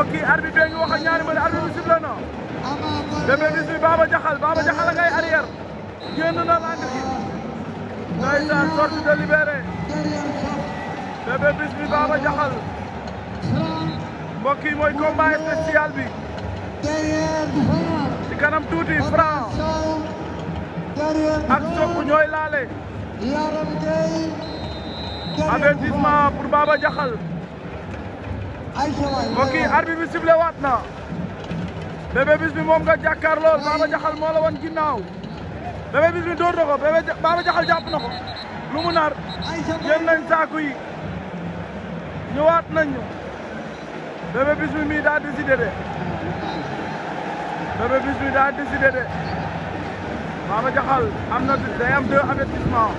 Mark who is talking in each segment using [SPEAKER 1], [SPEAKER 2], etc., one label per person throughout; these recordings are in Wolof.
[SPEAKER 1] mbokk yi arbitre Jaxal Baba Jaxal a ngay arrière génn na làng gi Jaxal mbokk yi mooy combat spécial bi ci kanam tuuti Franc ak Sokh ñooy laale avertissement pour Baba Jaxal mbokk yi arbi bi sifflé waat na Bébé Bismi moom nga jàkkaar lool Baba Jaxal moo la wan ginnaaw Bébé Bismi dóor na ko Bébé Baba Jaxal jàpp na ko lu mu nar jël nañ saaku yi ñëwaat nañu Bébé Bismi mii daa décidé de Bébé Bismi daa décidé de Baba Jaxal am na day am deux avertissement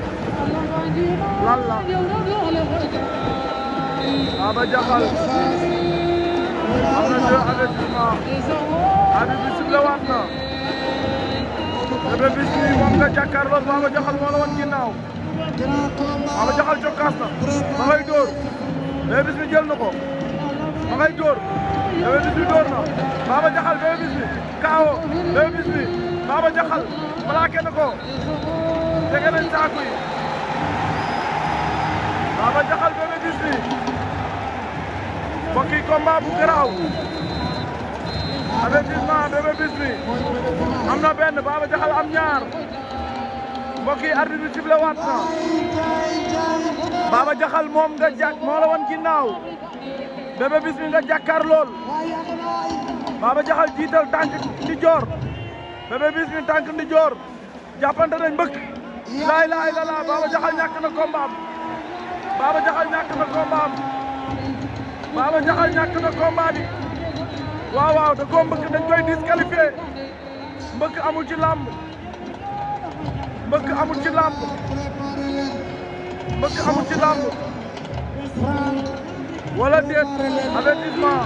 [SPEAKER 1] lan Baba Diakhal am na deux avertissement abi bi sib la waat na Bébé Bismi moom nga jàkkaarloo Baba Diakhal moo la woon ginnaaw Baba Diakhal jokkaas na ma ngay dóor Bébé Bismi jël na ko ma ngay dóor Bébé Bismi dóor na Baba Diakhal Bébé Bismi kaawo Bébé Bismi Baba Diakhal plaqué na ko jege nañ saaku yi Baba Diakhal Esprit mbokk yi Jaxal am ñaar mbokk bi moom nga jàkk moo la wan ginnaaw Bébé Bismi nga jàkkaar lool Baba Jaxal jiital tànk ndi joor Bébé Bismi tànk ndi joor jàppante nañ mbëkk laay Jaxal ñàkk na combat Baba Diakhal ñàkk na combat am ñàkk na combat bi waaw waaw da koo mbëkk dañ koy disqualifié mbëkk amul ci làmb mbëkk amul ci làmb wala déet avertissement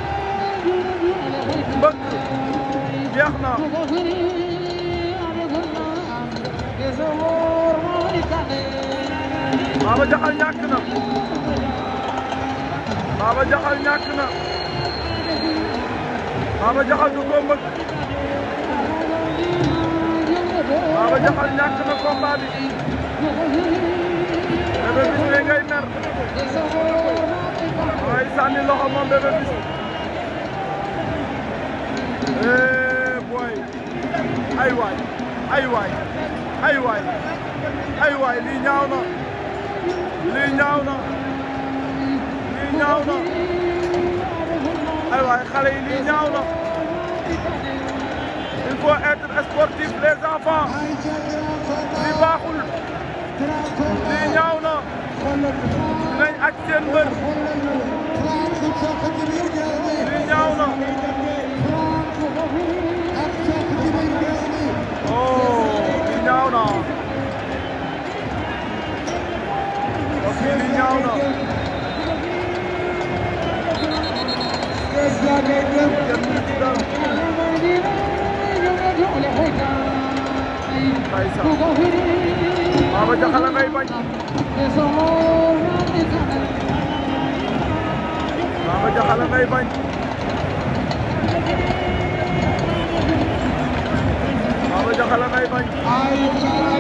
[SPEAKER 1] mbëkk jeex na Baba Diakhal ñàkk na Baba Diakhal ñàkk na Baba Diakhal du ko mbëgg Baba Diakhal ñàkk na combat ne ngay mer waaye sànni loxo moom Bébé Bismi eh, ay waay ay waay ay waay ay waay lii ñaaw lii ñaaw na lii ay waay xale yi lii ñaaw na il faut être sportif les enfants lii baaxul lii ñaaw na dinañ aj seen mbër lii ñaaw na Baba Jaxal ngay bañ Baba Jaxal ngay bañ Baba Jaxal ngay bañ